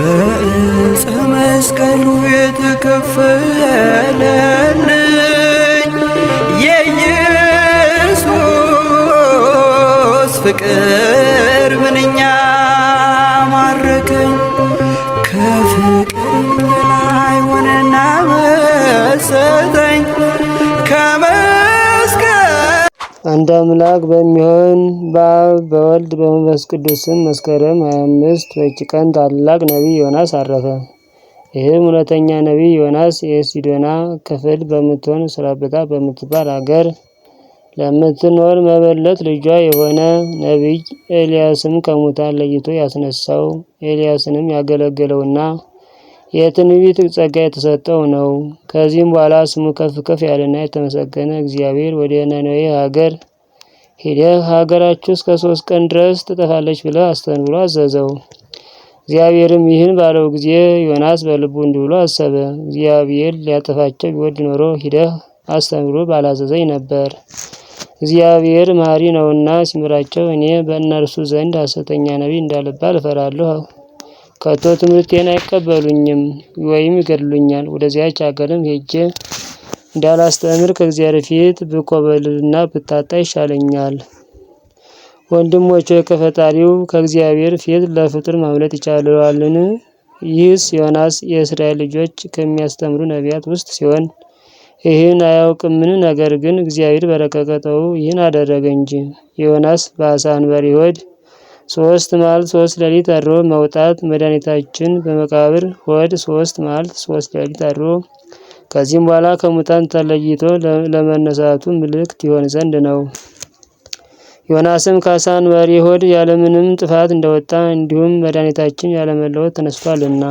በእፀ መስቀሉ የተከፈለልኝ የኢየሱስ ፍቅር ምንኛ ማረከኝ። ከፍቅር በላይ ሆነና መሰጠኝ አንድ አምላክ በሚሆን በአብ በወልድ በመንፈስ ቅዱስ ስም መስከረም 25 በች ቀን ታላቅ ነቢይ ዮናስ አረፈ። ይህም እውነተኛ ነቢይ ዮናስ የሲዶና ክፍል በምትሆን ስራብታ በምትባል አገር ለምትኖር መበለት ልጇ የሆነ ነቢይ ኤልያስም ከሙታን ለይቶ ያስነሳው ኤልያስንም ያገለገለውና የትንቢት ጸጋ የተሰጠው ነው። ከዚህም በኋላ ስሙ ከፍ ከፍ ያለና የተመሰገነ እግዚአብሔር ወደ ነነዌ ሀገር ሂደህ ሀገራችሁ እስከ ሶስት ቀን ድረስ ትጠፋለች ብለህ ብሎ አዘዘው። እግዚአብሔርም ይህን ባለው ጊዜ ዮናስ በልቡ እንዲህ ብሎ አሰበ፣ እግዚአብሔር ሊያጠፋቸው ቢወድ ኖሮ ሂደህ አስተንብሎ ባላዘዘኝ ነበር። እግዚአብሔር መሐሪ ነውና ሲምራቸው፣ እኔ በእነርሱ ዘንድ ሐሰተኛ ነቢይ እንዳልባል እፈራለሁ። ከቶ ትምህርቴን አይቀበሉኝም ወይም ይገድሉኛል ወደዚያች አገርም ሄጄ እንዳላስተምር ከእግዚአብሔር ፊት ብኮበልልና ብታጣ ይሻለኛል። ወንድሞች ሆይ ከፈጣሪው ከእግዚአብሔር ፊት ለፍጡር ማምለጥ ይቻለዋልን? ይህስ ዮናስ የእስራኤል ልጆች ከሚያስተምሩ ነቢያት ውስጥ ሲሆን ይህን አያውቅምን? ነገር ግን እግዚአብሔር በረቀቀ ይህን አደረገ እንጂ። ዮናስ በአሳ አንበሪ ሆድ ሶስት መዓልት ሶስት ሌሊት አድሮ መውጣት መድኃኒታችን በመቃብር ሆድ ሶስት መዓልት ሶስት ሌሊት አድሮ ከዚህም በኋላ ከሙታን ተለይቶ ለመነሳቱ ምልክት ይሆን ዘንድ ነው። ዮናስም ከአሳ አንበሪ ሆድ ያለምንም ጥፋት እንደወጣ እንዲሁም መድኃኒታችን ያለመለወት ተነስቷልና።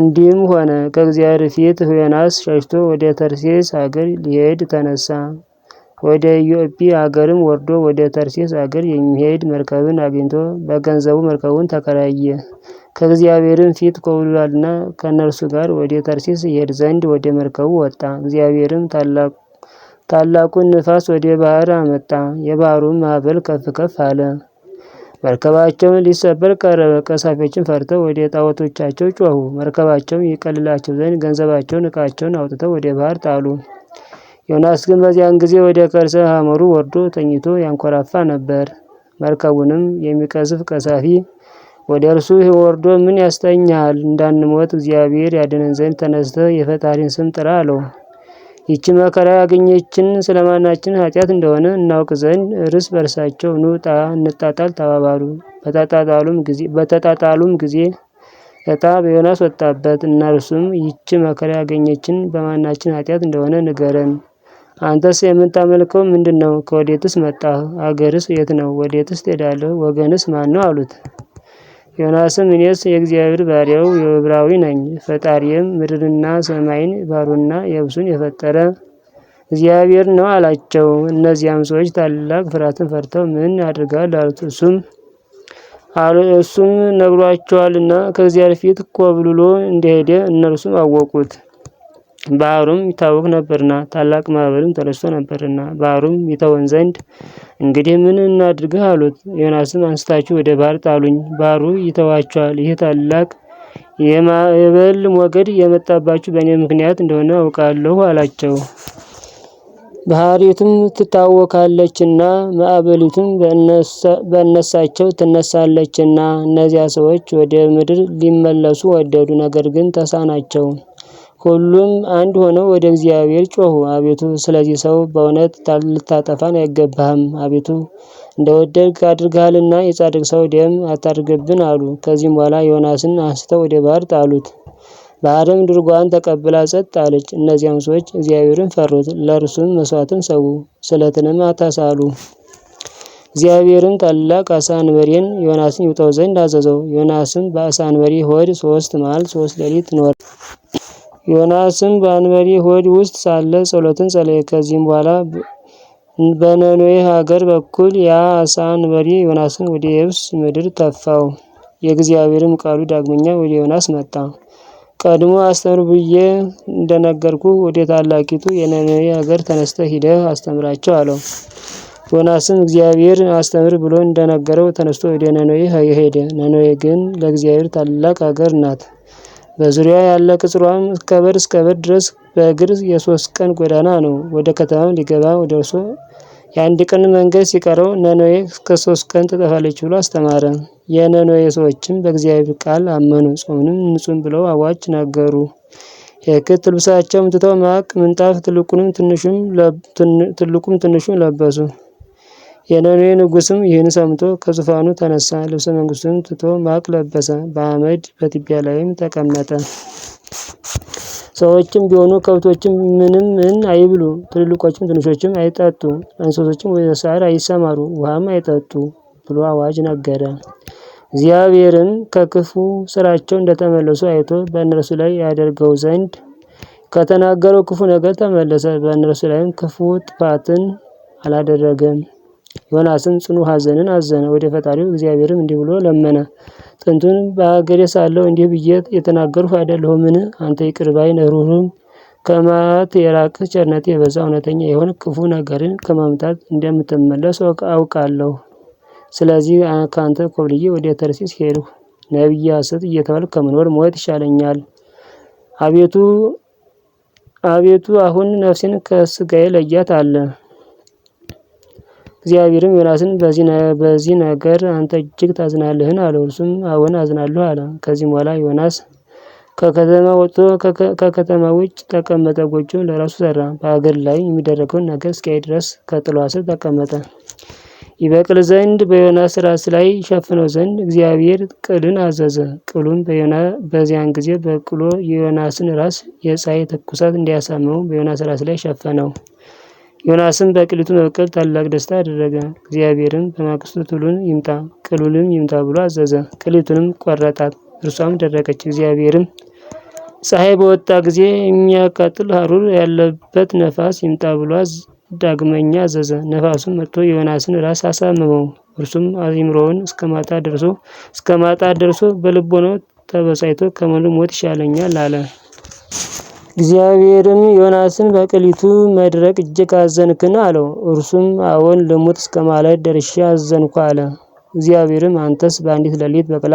እንዲህም ሆነ፣ ከእግዚአብሔር ፊት ዮናስ ሸሽቶ ወደ ተርሴስ አገር ሊሄድ ተነሳ። ወደ ኢዮጴ አገርም ወርዶ ወደ ተርሴስ አገር የሚሄድ መርከብን አግኝቶ በገንዘቡ መርከቡን ተከራየ። ከእግዚአብሔርም ፊት ኮብልሏልና ከእነርሱ ጋር ወደ ተርሴስ ይሄድ ዘንድ ወደ መርከቡ ወጣ። እግዚአብሔርም ታላቁን ንፋስ ወደ ባህር አመጣ፣ የባህሩን ማዕበል ከፍ ከፍ አለ። መርከባቸውን ሊሰበር ቀረበ። ቀሳፊዎችን ፈርተው ወደ ጣዖቶቻቸው ጮኹ። መርከባቸውም ይቀልላቸው ዘንድ ገንዘባቸውን እቃቸውን አውጥተው ወደ ባህር ጣሉ። ዮናስ ግን በዚያን ጊዜ ወደ ከርሰ ሐመሩ ወርዶ ተኝቶ ያንኮራፋ ነበር። መርከቡንም የሚቀዝፍ ቀሳፊ ወደ እርሱ ወርዶ ምን ያስተኛል? እንዳንሞት እግዚአብሔር ያድነን ዘንድ ተነስተ የፈጣሪን ስም ጥራ አለው። ይቺ መከራ ያገኘችን ስለማናችን ኃጢአት እንደሆነ እናውቅ ዘንድ እርስ በርሳቸው ኑጣ እንጣጣል ተባባሉ። በተጣጣሉም ጊዜ እጣ በዮናስ ወጣበት። እነርሱም ይቺ መከራ ያገኘችን በማናችን ኃጢአት እንደሆነ ንገረን አንተስ የምታመልከው ምንድነው? ከወዴትስ መጣህ? አገርስ የት ነው? ወዴትስ ትሄዳለህ? ወገንስ ማን ነው? አሉት። ዮናስም እኔስ የእግዚአብሔር ባሪያው የዕብራዊ ነኝ፣ ፈጣሪም ምድርና ሰማይን ባሩና የብሱን የፈጠረ እግዚአብሔር ነው አላቸው። እነዚያም ሰዎች ታላቅ ፍርሃትን ፈርተው ምን ያደርጋል አሉት። እሱም እሱም ነግሯቸዋልና ከእግዚአብሔር ፊት ኮብልሎ እንደሄደ እነርሱም አወቁት። ባህሩም ይታወቅ ነበርና ታላቅ ማዕበልም ተነስቶ ነበርና ባህሩም ይተወን ዘንድ እንግዲህ ምን እናድርግህ አሉት። ዮናስም አንስታችሁ ወደ ባህር ጣሉኝ፣ ባህሩ ይተዋቸዋል። ይህ ታላቅ የማዕበል ሞገድ የመጣባችሁ በእኔ ምክንያት እንደሆነ አውቃለሁ አላቸው። ባህሪቱም ትታወካለችና ማዕበሊቱም በእነሳቸው ትነሳለችና እነዚያ ሰዎች ወደ ምድር ሊመለሱ ወደዱ፣ ነገር ግን ተሳናቸው። ሁሉም አንድ ሆነው ወደ እግዚአብሔር ጮሁ። አቤቱ ስለዚህ ሰው በእውነት ልታጠፋን አይገባህም፣ አቤቱ እንደወደድክ አድርገሃልና የጻድቅ ሰው ደም አታድርግብን አሉ። ከዚህም በኋላ ዮናስን አንስተው ወደ ባህር ጣሉት። ባህርም ድርጓን ተቀብላ ጸጥ አለች። እነዚያም ሰዎች እግዚአብሔርን ፈሩት፣ ለእርሱም መስዋዕትን ሰዉ፣ ስለትንም አታሳሉ። እግዚአብሔርም ታላቅ አሳ አንበሬን ዮናስን ይውጠው ዘንድ አዘዘው። ዮናስም በአሳ አንበሪ ሆድ ሶስት መዓል ሶስት ሌሊት ኖረ። ዮናስም በአንበሪ ሆድ ውስጥ ሳለ ጸሎትን ጸለየ። ከዚህም በኋላ በነኖዌ ሀገር በኩል ያ አሳ አንበሪ ዮናስን ወደ የብስ ምድር ተፋው። የእግዚአብሔርም ቃሉ ዳግመኛ ወደ ዮናስ መጣ። ቀድሞ አስተምር ብዬ እንደነገርኩ ወደ ታላቂቱ የነነዌ ሀገር ተነስተ ሂደህ አስተምራቸው አለው። ዮናስም እግዚአብሔር አስተምር ብሎ እንደነገረው ተነስቶ ወደ ነነዌ ሄደ። ነነዌ ግን ለእግዚአብሔር ታላቅ ሀገር ናት። በዙሪያዋ ያለ ቅጽሯም እስከበር እስከበር ድረስ በእግር የሶስት ቀን ጎዳና ነው። ወደ ከተማም ሊገባ ደርሶ የአንድ ቀን መንገድ ሲቀረው ነነዌ እስከ ሶስት ቀን ትጠፋለች ብሎ አስተማረ። የነነዌ ሰዎችም በእግዚአብሔር ቃል አመኑ፣ ጾምንም ንጹም ብለው አዋጅ ነገሩ። የክት ልብሳቸው ትተው ማቅ፣ ምንጣፍ፣ ትልቁም ትንሹም ለበሱ። የነዌ ንጉስም ይህን ሰምቶ ከዙፋኑ ተነሳ፣ ልብሰ መንግስቱን ትቶ ማቅ ለበሰ፣ በአመድ በትቢያ ላይም ተቀመጠ። ሰዎችም ቢሆኑ ከብቶችም ምንም ምን አይብሉ፣ ትልልቆችም ትንሾችም አይጠጡ፣ እንስሶችም ወደ ሳር አይሰማሩ፣ ውሃም አይጠጡ ብሎ አዋጅ ነገረ። እግዚአብሔርም ከክፉ ስራቸው እንደተመለሱ አይቶ በእነርሱ ላይ ያደርገው ዘንድ ከተናገረው ክፉ ነገር ተመለሰ። በእነርሱ ላይም ክፉ ጥፋትን አላደረገም። ዮናስም ጽኑ ሐዘንን አዘነ ወደ ፈጣሪው እግዚአብሔርም እንዲህ ብሎ ለመነ። ጥንቱን በአገሬ ሳለሁ እንዲህ ብዬ የተናገርሁ አይደለሁምን? አንተ ይቅርባይ ባይ ከማት የራቅ ቸርነት የበዛ እውነተኛ የሆን ክፉ ነገርን ከማምጣት እንደምትመለስ አውቃለሁ። ስለዚህ ከአንተ ኮብልዬ ወደ ተርሲስ ሄድሁ። ነቢያ ስት እየተባል ከመኖር ሞት ይሻለኛል። አቤቱ አቤቱ አሁን ነፍሴን ከስጋዬ ለያት አለ እግዚአብሔርም ዮናስን በዚህ ነገር አንተ እጅግ ታዝናለህን? አለው። እርሱም አዎን አዝናለሁ አለ። ከዚህም በኋላ ዮናስ ከከተማ ወጥቶ ከከተማ ውጭ ተቀመጠ። ጎጆ ለራሱ ሰራ። በሀገር ላይ የሚደረገውን ነገር እስኪያይ ድረስ ከጥሏ ስር ተቀመጠ። ይበቅል ዘንድ በዮናስ ራስ ላይ ሸፍነው ዘንድ እግዚአብሔር ቅልን አዘዘ። ቅሉም በዚያን ጊዜ በቅሎ የዮናስን ራስ የፀሐይ ትኩሳት እንዲያሳመው በዮናስ ራስ ላይ ሸፈነው። ዮናስም በቅሊቱ መብቀል ታላቅ ደስታ አደረገ። እግዚአብሔርም በማግስቱ ትሉን ይምጣ ቅሉልም ይምጣ ብሎ አዘዘ። ቅሊቱንም ቆረጣት፣ እርሷም ደረቀች። እግዚአብሔርም ፀሐይ በወጣ ጊዜ የሚያቃጥል ሐሩር ያለበት ነፋስ ይምጣ ብሎ ዳግመኛ አዘዘ። ነፋሱም መጥቶ የዮናስን ራስ አሳምመው፣ እርሱም አእምሮውን እስከ ማጣ ደርሶ እስከ ማጣ ደርሶ በልቦናው ተበሳጭቶ ከሙሉ ሞት ይሻለኛል አለ። እግዚአብሔርም ዮናስን በቅሊቱ መድረቅ እጅግ አዘንክን? አለው። እርሱም አዎን ልሙት እስከ ማለት ደርሼ አዘንኩ አለ። እግዚአብሔርም አንተስ በአንዲት ሌሊት በቅላ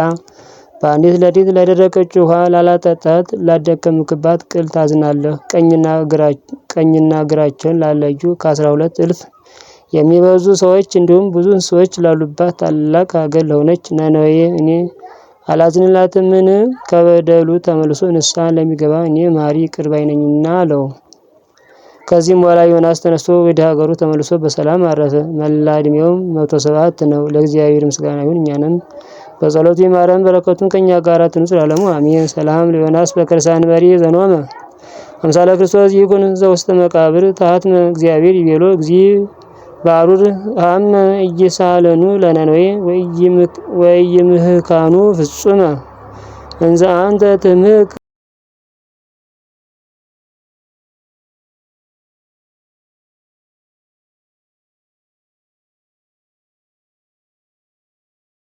በአንዲት ሌሊት ለደረቀች ውሃ ላላጠጣት ላደከምክባት ቅል ታዝናለህ። ቀኝና እግራቸውን ላለዩ ከአስራ ሁለት እልፍ የሚበዙ ሰዎች እንዲሁም ብዙ ሰዎች ላሉባት ታላቅ ሀገር ለሆነች ነነዌ እኔ አላዝንላትምን? ከበደሉ ተመልሶ ንስሐን ለሚገባ እኔ ማሪ ቅርባይ ነኝና አለው። ከዚህም በኋላ ዮናስ ተነስቶ ወደ ሀገሩ ተመልሶ በሰላም አረፈ። መላ እድሜውም መቶ ሰባት ነው። ለእግዚአብሔር ምስጋና ይሁን፣ እኛንም በጸሎቱ ይማረን፣ በረከቱን ከእኛ ጋር ትኑር ለዓለሙ አሜን። ሰላም ለዮናስ በከርሳን መሪ ዘኖመ አምሳለ ክርስቶስ ይኩን ዘውስተ መቃብር ታሃትመ እግዚአብሔር ይቤሎ እግዚእ ባሩር ሃም እየሳለኑ ለነነዌ ምህካኑ ፍጹመ እንዘ አንተ ትምህክ